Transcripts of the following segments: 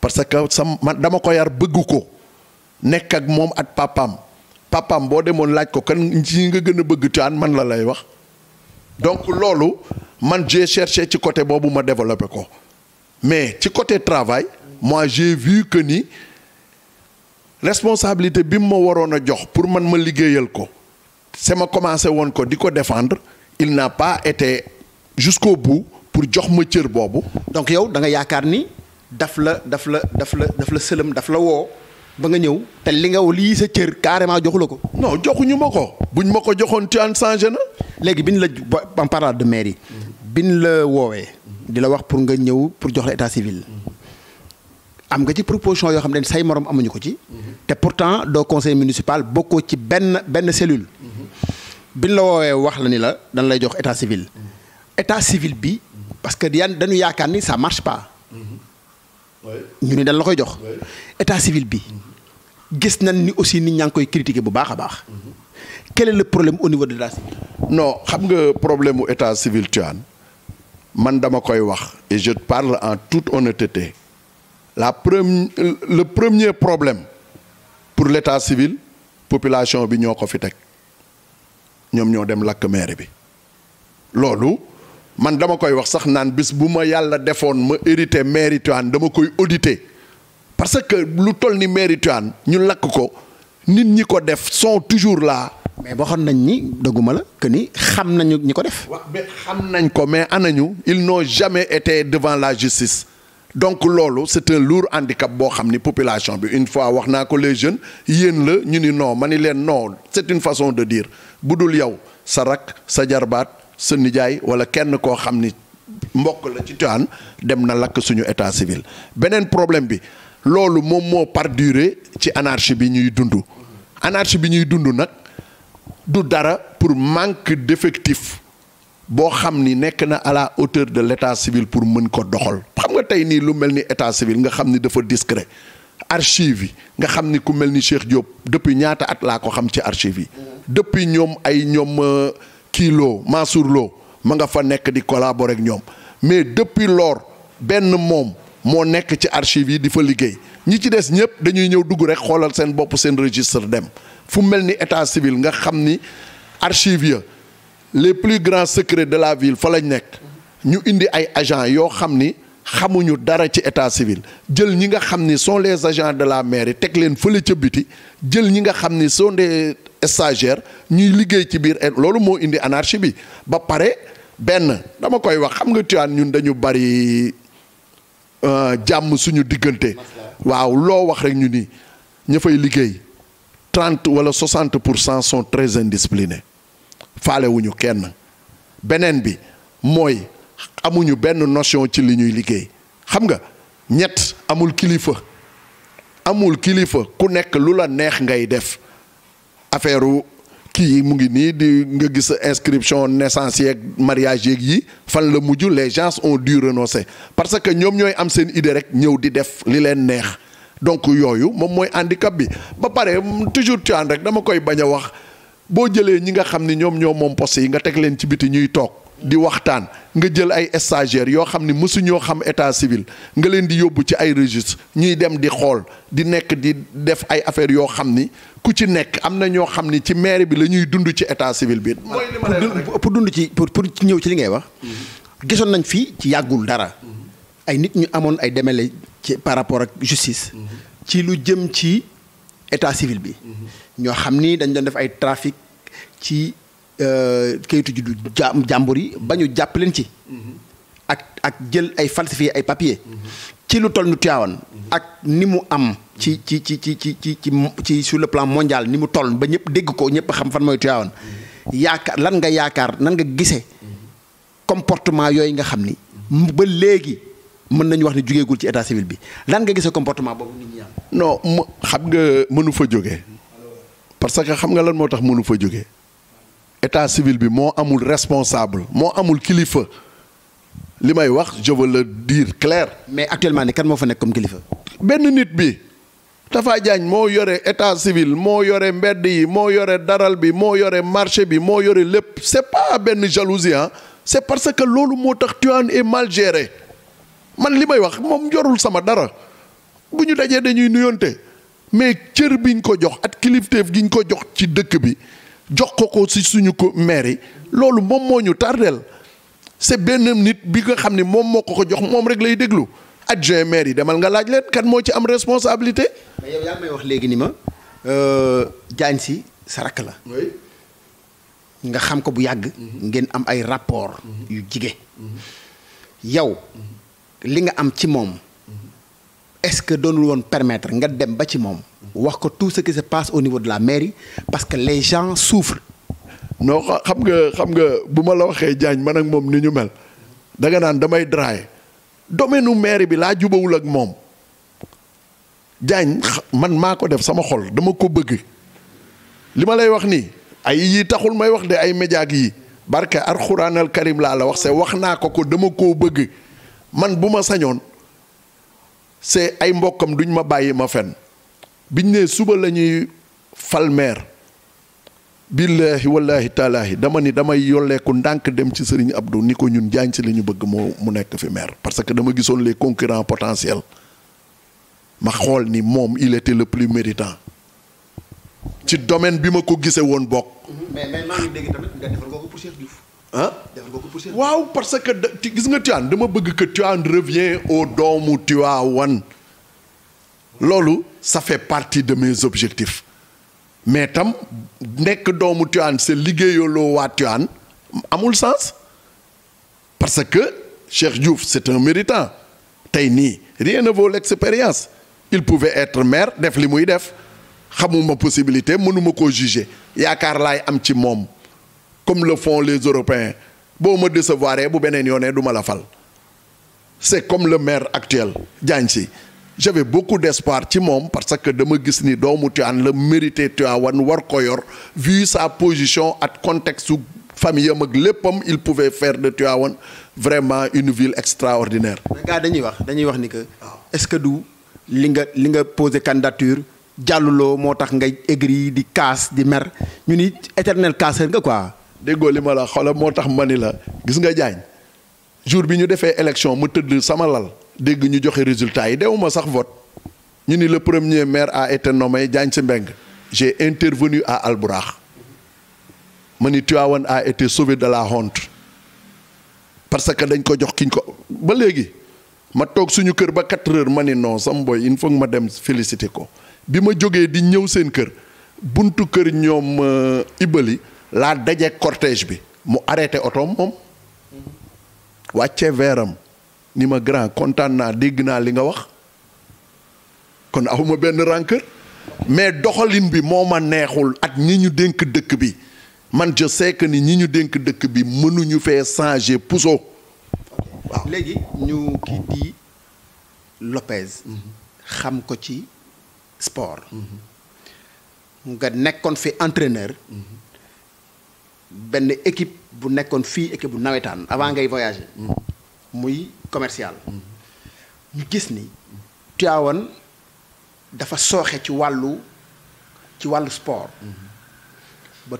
parce que sam man dama ko yar bëgg ko nekk ak moom ak papaam papaam boo demoon laaj ko kan ci nga gën a bëgg Tivaouane man la lay wax donc loolu man j'ai cherché ci côté boobu ma développé ko mais ci côté travail mois j'ai vu que ni responsabilité bi mu ma waroon a jox pour man ma liggéeyal ko sama commencé woon ko di ko défendre il n'a pas été jusqu'au bout pour jox ma cër boobu donc yow danga yaakaar ni dafla dafla dafla dafla daf dafla wo la sëlëm daf la ba nga ñëw te li nga lii sa cër carrément joxulako non joxuñu mako buñ mako ko joxoon en changé na. léegi bi la en parlant de mairie biñ la wowe dila wax pour nga ñew pour jox la état civil. am nga ci proposition yo xam ne say morom amuñu ko ci. té pourtant do conseil municipal boko ci ben ben cellule. biñ la wowe wax la ni la dañ lay jox état civil. état civil bi parce que dañu yaakaar ni ça marche pas ñu ni dal la koy jox état civil bi gis nañ ni aussi nit ñang koy critiquer bu baax baax quel est le problème au niveau de l'état civil non xam nga problème état civil Tivaouane man dama koy wax et je parle en toute honnêteté la première le premier problème pour l'état civil population bi ñoko fi tek ñom ñoo dem lak maire bi loolu man dama koy wax sax nan bis buma yalla defone ma hérité dama parce que lu toll ni ñu nit sont toujours là. mais nañ ni la que ni ñi ko def. ils n'ont jamais été devant la justice donc c'est un lourd handicap pour xamni population une fois waxna ko les jeunes ils le ñu ni non mani c'est une façon de dire budul sa nijaay wala kenn koo xam ni mbokk la ci Tivaouane dem na lakk suñu état civil beneen problème bi loolu moom moo perdurer ci anarchie bi ñuy dund anarchie bi ñuy dund nag du dara pour manque d'effectif boo xam ni nekk na à la hauteur de l'état civil pour mën ko doxal xam nga tey nii lu mel ni état civil nga xam ni dafa discret archive nga xam ni ku mel ni Cheikh Diop depuis ñaata at laa ko xam ci archive yi ñoom ay ñoom euh, Kilo, loo Mansour loo fa nek di collaborer ak ñoom mais depuis lors ben mom mo nek ci archive di fa ñi ci des ñep dañuy ñew dugg rek xolal seen bop seen registre dem fu melni ni état civil nga xamni ni les plus grands secrets de la ville fa lañ nek ñu indi ay agents yo xamni xamuñu dara ci état civil jël ñi nga xamni sont les agents de la mairie tek leen fële ci biti jël ñi nga xamni sont des stagiaire ñuy liggéey ci biir loolu moo indi anarchie bi ba pare benn dama koy wax xam nga Tivaouane ñun dañu bari euh, jàmm suñu diggante waaw loo wax rek ñu ni ña liggéey trente wala soixante pour cent sont très indisciplinés faalewuñu kenn beneen bi mooy amuñu benn notion ci li ñuy liggéey xam nga ñett amul kilifa amul kilifa ku nekk lu la neex ngay def affaire qui mu ni nii di nga inscription naissance et mariage yi fan le mujj les gens ont dû renoncer parce que ñom ñoy am sen idée rek ñëw di def li len neex donc yoyu mom moy handicap bi ba paré toujours tuaan rek dama koy baña wax boo jëlee ñi nga xam ne ñoom ñoo moom poste yi nga teg leen ci biti ñuy toog di waxtaan nga jël ay stagiaires yoo xam ni mësuñoo xam état civil nga leen di yóbbu ci ay registre ñuy dem di xool di nekk di def ay affaires yoo xam ni ku ci nekk am na ñoo xam ni ci maire bi la ñuy dund ci état civil bi. pour dund ci pour pour ñëw ci li ngay wax. Mhm. gisoon nañ fii ci yàggul dara. Mhm. ay nit ñu amoon ay demele ci par rapport ak justice. Mhm. ci lu jëm ci état civil bi. ñoo xam ni dañ doon def ay trafic ci euh, kayitu juddu ja jàmbur yi ba ñu jàpp leen ci. ak ak jël ay falsifié ay papier. ci lu toll nu Tivaouane ak ni mu am ci ci ci ci ci ci ci sur le plan mondial ni mu toll ba ñëpp dégg ko ñëpp xam fan mooy Tivaouane yaakaar lan nga yaakaar nan nga gisee comportement yooyu nga xam ni ba léegi. mën nañu wax ne jógeegul ci état civil bi lan nga gisee comportement boobu nit ñi am. non xam nga mënu fa jógee parce que xam nga lan moo tax mënu fa jógee état civil bi moo amul responsable moo amul kilifa li may wax je veux le dire clair. mais actuellement ni kan moo fa nekk comme kilifa. benn nit bi Tafa Diagne moo yore état civil moo yore mbedd yi moo yore daral bi moo yore marché bi moo yore lépp c'est pas benn jalousie hein c'est parce que loolu moo tax Tivaouane est mal géré. man li may wax moom jorul sama dara bu ñu dajee dañuy nuyoonte mais cër biñ ko jox at kilifteef giñ ko jox ci dëkk bi jox ko ko si suñu ko maire yi loolu moom moo ñu tardeel c'est benn nit bi nga xam ne moom moo ko ko jox moom rek lay déglu adjoint maire yi demal nga laaj leen kan moo ci am responsabilité. mais yow wax léegi ni ma euh, Diagne Sy sa rakk la. nga xam ko bu yàgg. Mhm. ngeen am ay rapport mhm. yu jige mhm. yow. Linga est-ce que nous woon permettre nga dem ba tout ce qui se passe au niveau de la mairie parce que les gens souffrent non xam nga xam nga bu la waxee man ak ni ñu mel damay draay bi def sama xol dama ko bëgg de ay karim la wax se wax naa man buma ma c'est ay mbokam duñ ma bàyyi ma fen biñ né suba lañuy ñuy fal maire billaahi wallaahi taalaahi dama ni damay yolleeku ndànk dem ci Serigne Abdou niko ñun jañ ci liñu bëgg mo mu nekk fi mer parce que dama gisoon les concurrents potentiels ma xol ni mom il était le plus méritant ci domaine bi ma ko gisee won bok mais mais ma ngi dégg tamit nga defal ko pour Cheikh Diouf ah parce que tu nga tu dama bëgg que Tivaouane revient au doomu Tivaouane Lolo, ça fait partie de mes objectifs mais tam c'est doomu Tivaouane sa liggéeyaloo waa Tivaouane amul sens parce que cher Diouf c'est un méritant Taini, rien ne vaut l'expérience il pouvait être maire def li muy def ma possibilité mënuma ko juger yaakaar lay am ci mom comme le font les Européens Si me décevoir bu ne vais pas ma la fal c'est comme le maire actuel Diagne j'avais beaucoup d'espoir ci parce que je me ni doomu Tivaouane le mérité de war ko vu sa position le contexte familial famille am il pouvait faire de Tivaouane vraiment une ville extraordinaire. gars dañuy wax dañuy wax ni que est-ce que du li nga li posé candidature jàlluloo moo tax ngay aigri di casse di mer ni éternel quoi. déggoo li ma la xoolal moo tax ma ni la gis nga jaañ jour bi ñu defee élection ma tëdd sama lal dégg ñu joxe résultat yi dewuma sax vote ñu ni le premier maire a été nommé Diagne Sy Mbengue j'ai intervenu à Albourakh ma ni Tivaouane a été sauvé de la honte parce que dañ ko jox kiñ ko ba léegi ma toog suñu kër ba quatre heures ma ni non sam boy in foog ma dem féliciter ko bi ma jógee di ñëw seen kër buntu kër ñoom euh, Ibali laa daje cortége bi mu arrêté otoom moom wàcce veeram ni ma grand kontaan naa dégg naa li nga wax kon awma benn rancœur mais doxalin bi moo ma neexul ak ñi ñu dénk dëkk bi man je sais que ni ñi ñu dénk dëkk bi mënuñu fee changer puso waaw léegi ñu kii di Lopez xam ko ci sport mhm. nga nekkoon fi entraîneur mhm. ben équipe bu nekkoon équipe bu nawetaan avant de voyager. C'est commercial. ñu avons ni que dafa as sport.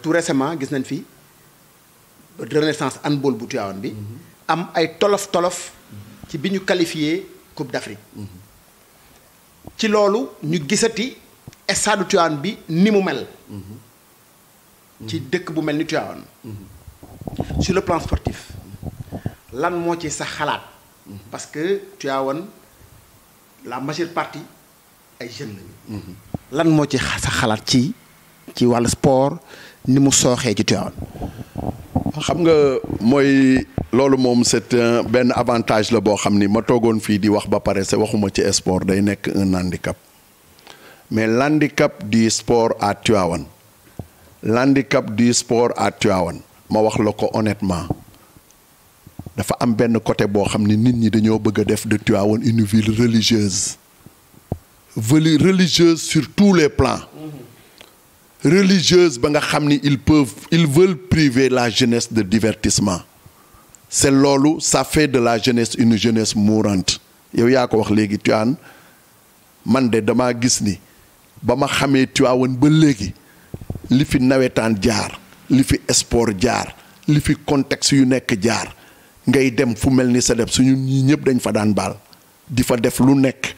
tout récemment gis nañ fi renaissance handball bu Tivaouane bi. am ay tolof tolof. ci biñu qualifier qualifié Coupe d'Afrique. Nous avons ñu que stade bi ni mu ci bu sur le plan sportif lan moo ci sa parce que la majeure partie ay jeune. lañu lan moo ci sa xalaat ci ci sport ni mu sooxee ci c'est un avantage je boo xam ma toogoon fii di wax ba sport day un handicap mais l'handicap du sport à l'handicap du sport à Tivaouane ma wax le honnêtement dafa am benn côté boo xam que nit def de Tivaouane une ville religieuse ville religieuse sur tous les plans mm-hmm. religieuse ba nga ils peuvent ils veulent priver la jeunesse de divertissement c'est loolu ça fait de la jeunesse une jeunesse mourante yow ya ko wax léegi mande man de gis ni ma li fi nawetaan jaar li fi sport jaar li fi contexte yu nekk jaar ngay dem fu mel ni sa def suñu ñi ñëpp dañ fa daan baal di fa def lu nekk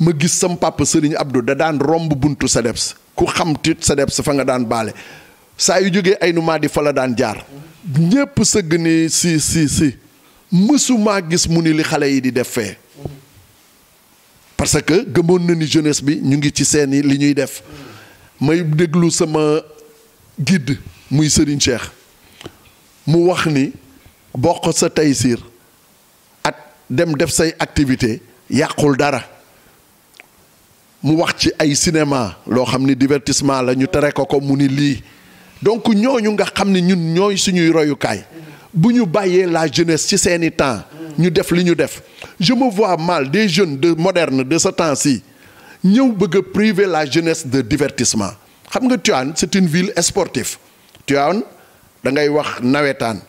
ma gis sam papa Serigne da daan romb buntu sa def ku xam tiit sa def fa nga daan baale saa yu jógee ay numaa di fa la daan jaar ñépp sëgg ni si si si mësumaa gis mu ni li xale yi di def fee parce que gëmoon na ni jeunesse bi ñu ngi ci seeni li ñuy def may déglu sama guide muy Serigne Cheikh mu wax ni bokk sa taysir at dem def say activité yàqul dara mu wax ci ay cinéma loo xam ni divertissement la ñu tere ko ko mu ni lii donc ñooñu nga xam ni ñun ñooy suñuy royukaay bu ñu bàyyee la jeunesse ci seeni temps ñu def li ñu def je me vois mal des jeunes de modernes, de ce temps-ci nous bëgg la jeunesse de divertissement xam nga Tivaouane c'est une ville sportive Tuan, da ngay wax nawetaan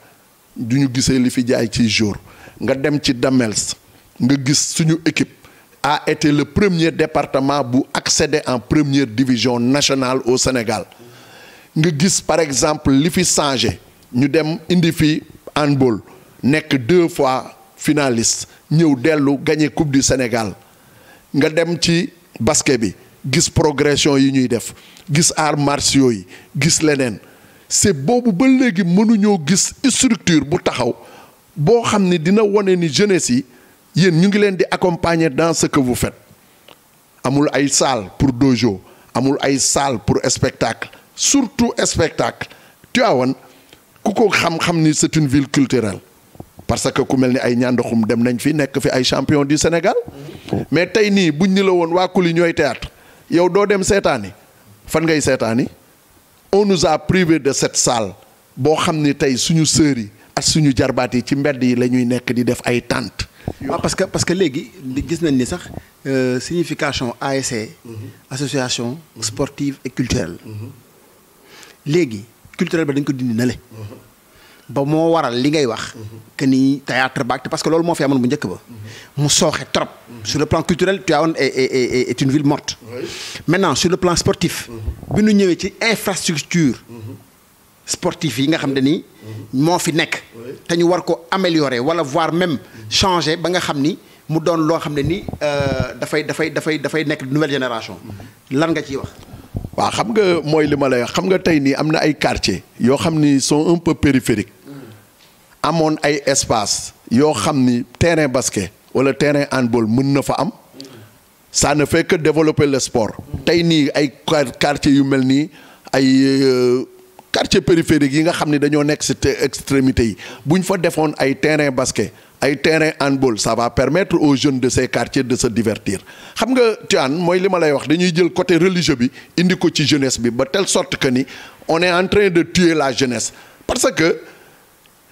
tu ñu li fi jaay ci jour nga dem ci Damels nga gis suñu équipe a été le premier département bu accéder en première division nationale au Sénégal nga gis par exemple li fi changé ñu dem indi fi handball que deux fois finaliste ñew gagner gagné coupe du Sénégal nga dem ci basket bi gis progression yi ñuy def gis arts martiaux yi gis leneen c'est boobu ba léegi mënuñoo gis structure bu taxaw boo xam ni dina wane ni jeunes yi yéen ñu ngi leen di accompagner dans ce que vous amul ay salle pour dojo amul ay salle pour spectacle surtout spectacle Tivaouane ku ko xam-xam ni c'est une ville culturelle parce que ku mel ni ay ñandoxum dem nañ fi nekk fi ay champion du Sénégal mais tay ni buñ ni la won wa Kuli ñoy théâtre yow do dem sétani fan ngay sétani on nous a privé de cette salle bo xamni tay suñu sœur yi ak suñu jarbaat yi ci mbedd yi lañuy nekk di def ay tante waaw ah, parce que parce que légui gis nañ ni sax euh, signification ASC e, mhm. association mhm. sportive et culturelle mhm. légui culturelle ba dañ ko dindi na le ba moi waral li que ni théâtre parce que trop sur le plan culturel tu est une ville morte maintenant sur le plan sportif mm-hmm. bi nous infrastructure mm-hmm. sportive, yi mm-hmm. améliorer voire même changer nouvelle génération lan nga que wax veux xam nga li ma lay quartiers sont un peu périphériques a ay espace yo xamni terrain basket wala terrain handball mën na fa am ça ne fait que développer le sport tey nii ay quartier yu melni euh, quartiers ay quartier périphérique yi nga xamni ni nek ci extrémité yi buñ fa ay terrain basket ay terrain handball ça va permettre aux jeunes de ces quartiers de se divertir xam nga Tivaouane moy lima ma lay wax dañuy jël côté religieux bi indi ko ci jeunesse bi ba telle sorte que ni on est en train de tuer la jeunesse parce que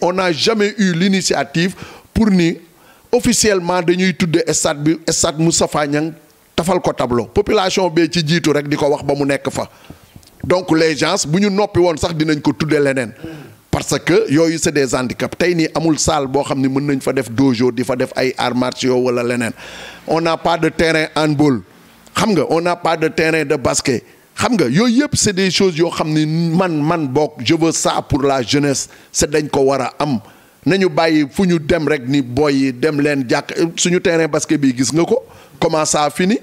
on n'a jamais eu l'initiative pour ni officiellement dañuy stade stade tafal ko population be ci jitu rek diko wax ba mu fa donc les gens buñu nopi won sax dinañ ko ont parce que yoyu c'est des handicaps amul salle bo xamni meun dojo di ay arts wala lenen on n'a pas de terrain handball xam on n'a pas de terrain de basket xam nga yooyu yëpp c'est des choses yoo xam ni man man bokk je veux pour la jeunesse c'est dañ ko war a am nañu bàyyi fu ñu dem rek ni boy dem leen jàkk suñu terrain basket bii gis nga ko comment ça a fini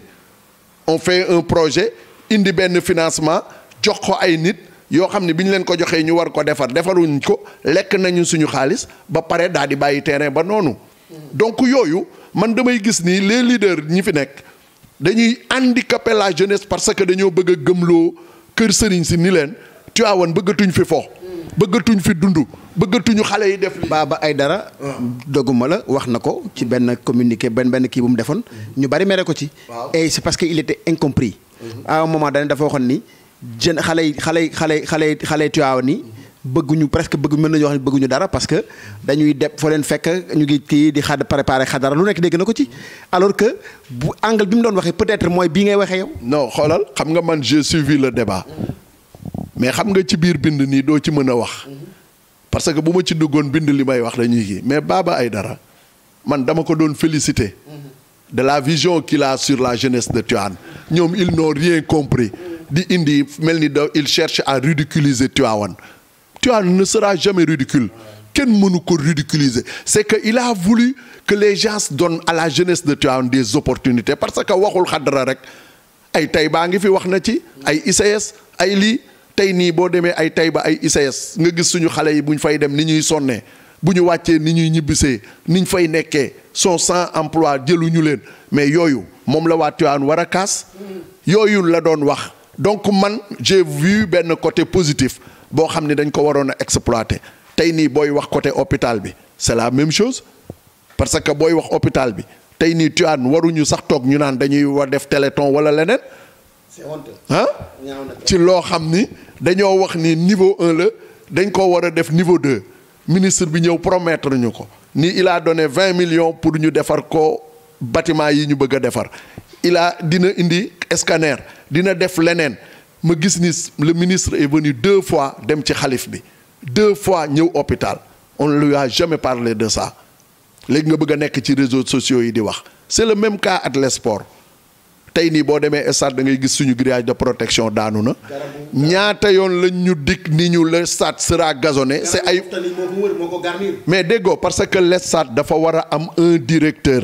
on fait un projet indi benn financement jox ko ay nit yoo xam ne bi ñu leen ko joxee ñu war ko defar defaruñ ko lekk nañu suñu xaalis ba pare daal di bàyyi terrain ba noonu mm. donc yooyu man damay gis ni les leaders ñi fi nekk dañuy handicapé la jeunesse parce que dañoo bëgg a gëmloo kër sëriñ si ni leen Tiwaawan bëggatuñ fi fo bëggatuñ fi dundu bëggatuñu xale yi def li ay dara doguma la wax na ko ci benn communiqué benn benn kii mu defoon mm-hmm. ñu bari mere ko ci et c'est parce que il était incompris mm-hmm. à un moment dafa waxoon ni jeune xale yi xale yi xale yi xale yi Tiwaawan ni bëgguñu presque beaucoup mën nañu wax ne bëgguñu dara parce que dañuy il foo leen fekk ñu ngi kii di xaar préparé xadara lu nekk dégg na ko ci alors que bu angle bi mu doon peut-être mooy bii ngay waxee yow. non xoolal xam nga man j'ai suivi le débat mais xam nga ci bir bind nii doo ci mën wax parce que beaucoup de ci duggoon bind li may wax dañuy mais Baba Aïdara man dama ko doon féliciter de la vision qu'il a sur la jeunesse de Tivaouane ñoom ils n'ont rien compris di indi mel ni il cherche à ridiculiser Tivaouane tu ne seras jamais ridicule. Quel que ridiculiser C'est qu'il a voulu que les gens donnent à la jeunesse de Tuan des opportunités. Parce que Wahul Khadra Rek, ay Taïba ngi fi wax na ci ay ICS ay lii tey nii boo demee ay Taïba ay ICS nga gis suñu xale yi bu ñu fay dem ni ñuy sonnee bu ñu ni ñuy fay sans emploi jëluñu leen mais yooyu moom la waa Tuan war a kaas la wax donc man j'ai vu ben côté positif bo xam dañ ko waroon a exploiter tay ni boy wax côté hôpital bi c'est la même chose parce que boy wax hôpital bi tay ni Tivaouane waruñu sax tok ñu naan dañuy wa def téléthon wala lenen c'est honteux. ah ci lo xamni ni dañoo wax ni niveau un le, dañ ko wara def niveau deux ministre bi ñëw promettre ñuko ni il a donné 20 millions pour ñu défar ko bâtiment yi ñu bëgg défar il a dina indi scanner dina def lenen ma gis le ministre est venu deux fois dem ci Khalif. bi deux fois ñëw hôpital on ne lui a jamais parlé de ça les nga bëgg a nekk ci réseaux sociaux yi di wax c'est le même cas à l'esport sports tey nii boo demee stade da ngay gis suñu grillage de protection daanu na ñaata yoon dit ñu ni ñu le stade sera gazonné c'est ay mais déggoo parce que le stade dafa war am un directeur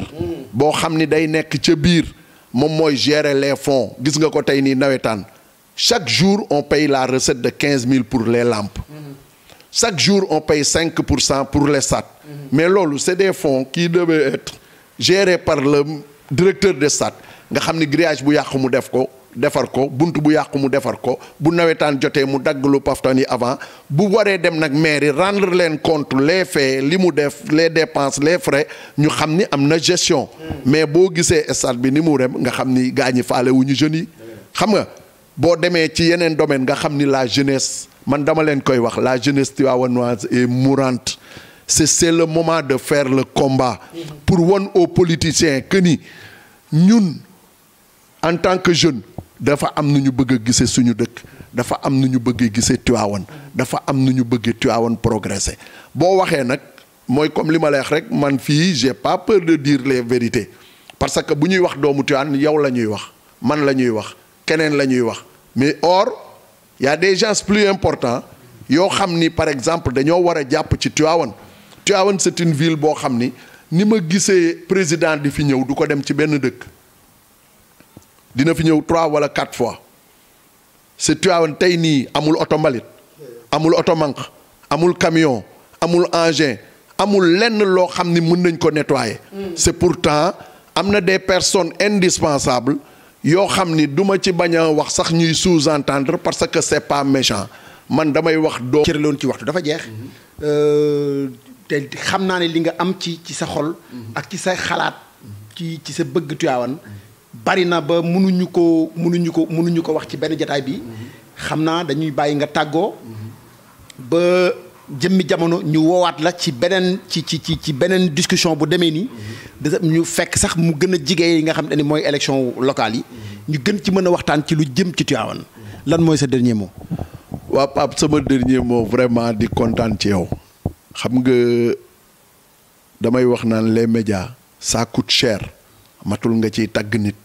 boo xam ni day nekk ca biir moom mooy gérer les fonds gis nga ko tey nii chaque jour, on paye la recette de 15 000 pour les lampes. Mmh. Chaque jour, on paye 5 pour les SAT. Mmh. Mais lolo, c'est des fonds qui devaient être gérés par le directeur des SAT. Nga xamni grillage bu yaq mu def ko defar ko buntu bu yàqu mu defar ko bu nawetaan joté mu dagglu paftani avant bu waré dem nak mairie rendre len compte les faits li mu def les dépenses les frais ñu xamni amna gestion mm. mais bo gisee stade bi ni mu rem nga xamni gañi falé faale wu ñu jeunes xam nga bo démé ci yenen domaine nga xamni la jeunesse man dama len koy wax la jeunesse tivaouanoise est mourante c'est c'est le moment de faire le combat pour won aux politiciens que ni ñun en tant que jeune dafa am nu ñu bëgg a suñu dëkk dafa am nu ñu bëgg a dafa am nu ñu bëgg Tivaouane progresser bo waxé nak moy comme lima lay rek man fi j'ai pas peur de dire les vérités parce que bu ñuy wax doomu Tivaouane yow la wax man la wax keneen la wax mais or il y a des gens plus importants Yo xam par exemple dañoo war a ci Tivaouane Tivaouane c'est une ville bo hamni. ni ni ma président di fi ñëw du ko dem ci benn dëkk dina fi ñëw trois wala quatre fois c'est Tivaouane tey nii amul automobile, amul oto amul camion amul engin amul lenn Lo hamni, ni mën nañ ko nettoyer. Hmm. c'est pourtant am des personnes indispensables yoo xam ni duma ci bañ a wax sax ñuy sous-entendre parce que c'est pas méchant man damay wax doo cër loon ci waxtu dafa jeex mhm. euh, te xam naa ne li nga am ci ci sa xol mhm. ak ci sa xalaat ci ci sa bëgg Tiwaawan bari na ba mënuñu ko mënuñu ko mënuñu ko wax ci benn jataay bi mhm. xam naa dañuy bàyyi nga tàggoo ba jëmmi jamono ñu woowaat la ci beneen ci ci ci ci beneen discussion bu demee nii mhm. ñu fekk sax mu gën a jigee yi nga xam ne mooy élection locale yi mhm. ñu gën ci mën waxtaan ci lu jëm ci Tivaouane mhm. lan mooy sa dernier mot waa pap sama dernier mot vraiment di kontaan ci yow xam nga damay wax naan les médias ça coûte cher matul nga ciy tagg nit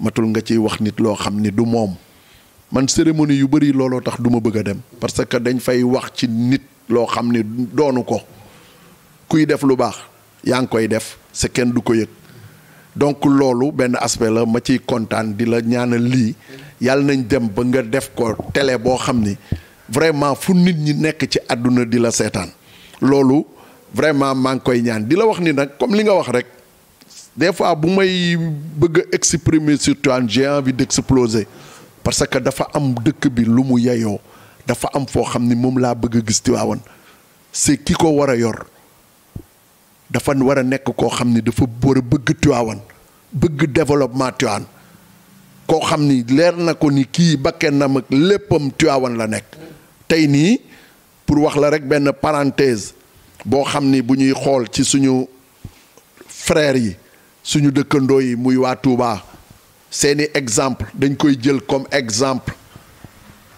matul nga ciy wax nit loo xam ni du moom man cérémonie yu bëri looloo tax duma bëgg a dem parce que dañ fay wax ci nit lo xamni ni doonu ko kuy def lu baax yaa ngi koy def sa kenn du ko yëg donc loolu benn aspect la ma ciy kontaan di la ñaanal lii yàlla nañ dem ba nga def ko télé boo xam ni vraiment fu nit ñi nekk ci àdduna di la seetaan loolu vraiment maa ngi koy ñaan di la wax ni nag comme li nga wax rek des fois bu may bëgg exprimer sur toi j'ai envie d'exploser parce que dafa am dëkk bi lu mu yeyoo dafa am foo xam ni moom laa bëgg a gis Tiwaawan c'est ki ko war a yor dafa war a nekk koo xam ni dafa war a bëgg Tiwaawan bëgg développement Tiwaawan koo xam ni leer na ko ni kii bakkanam ak léppam Tiwaawan la nekk tey nii pour wax la rek benn parenthèse boo xam ni bu ñuy xool ci suñu frères yi suñu dëkkandoo yi muy waa Touba seeni exemple dañ koy jël comme exemple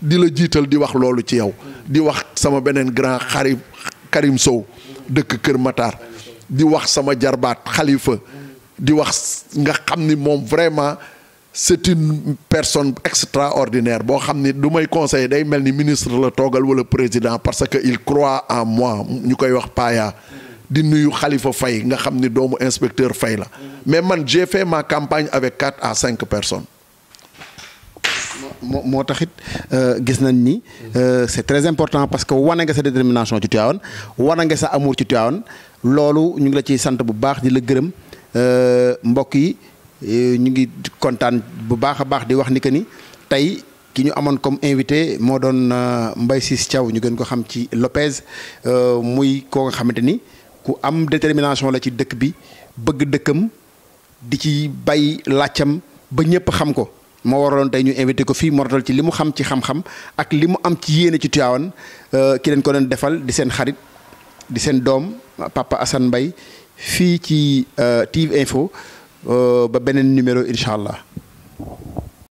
di la jiital di wax loolu ci yow di wax sama beneen grand xarit Karim Sow dëkk Kër Matar di wax sama jarbaat xalifa di wax nga xam ni moom vraiment c'est une personne extraordinaire boo xam ni du may conseiller day mel ni ministre la toogal wala président parce que il croit en mois ñu koy wax Paya di nuyu xalifa Faye nga xam ni doomu inspecteur Faye la mais man j'ai fait ma campagne avec quatre à cinq personnes moo moo taxit euh, gis nañ ni euh, c'est très important parce que wane nga sa détermination ci Tivaouane wane nga sa amour ci Tivaouane loolu ñu ngi la ciy sant bu baax di la gërëm euh, mbokk yi ñu ngi kontaan bu baax a baax di wax ni que ni tey ki ñu amoon comme invité moo doon mbay Ciss Thiaw ñu gën ko xam ci Lopez muy koo nga xamante ni ku am détermination la ci dëkk bi bëgg dëkkam di ci bay laajtam ba ñëpp xam ko. moo waraloon tey ñu invité ko fii mortal ci li mu xam ci xam-xam ak li mu am ci yéene ci Tiwaawan euh, ki leen ko doon defal di seen xarit di seen doom papa assan mbay fii ci euh, TIV info euh, ba beneen numéro incha allah.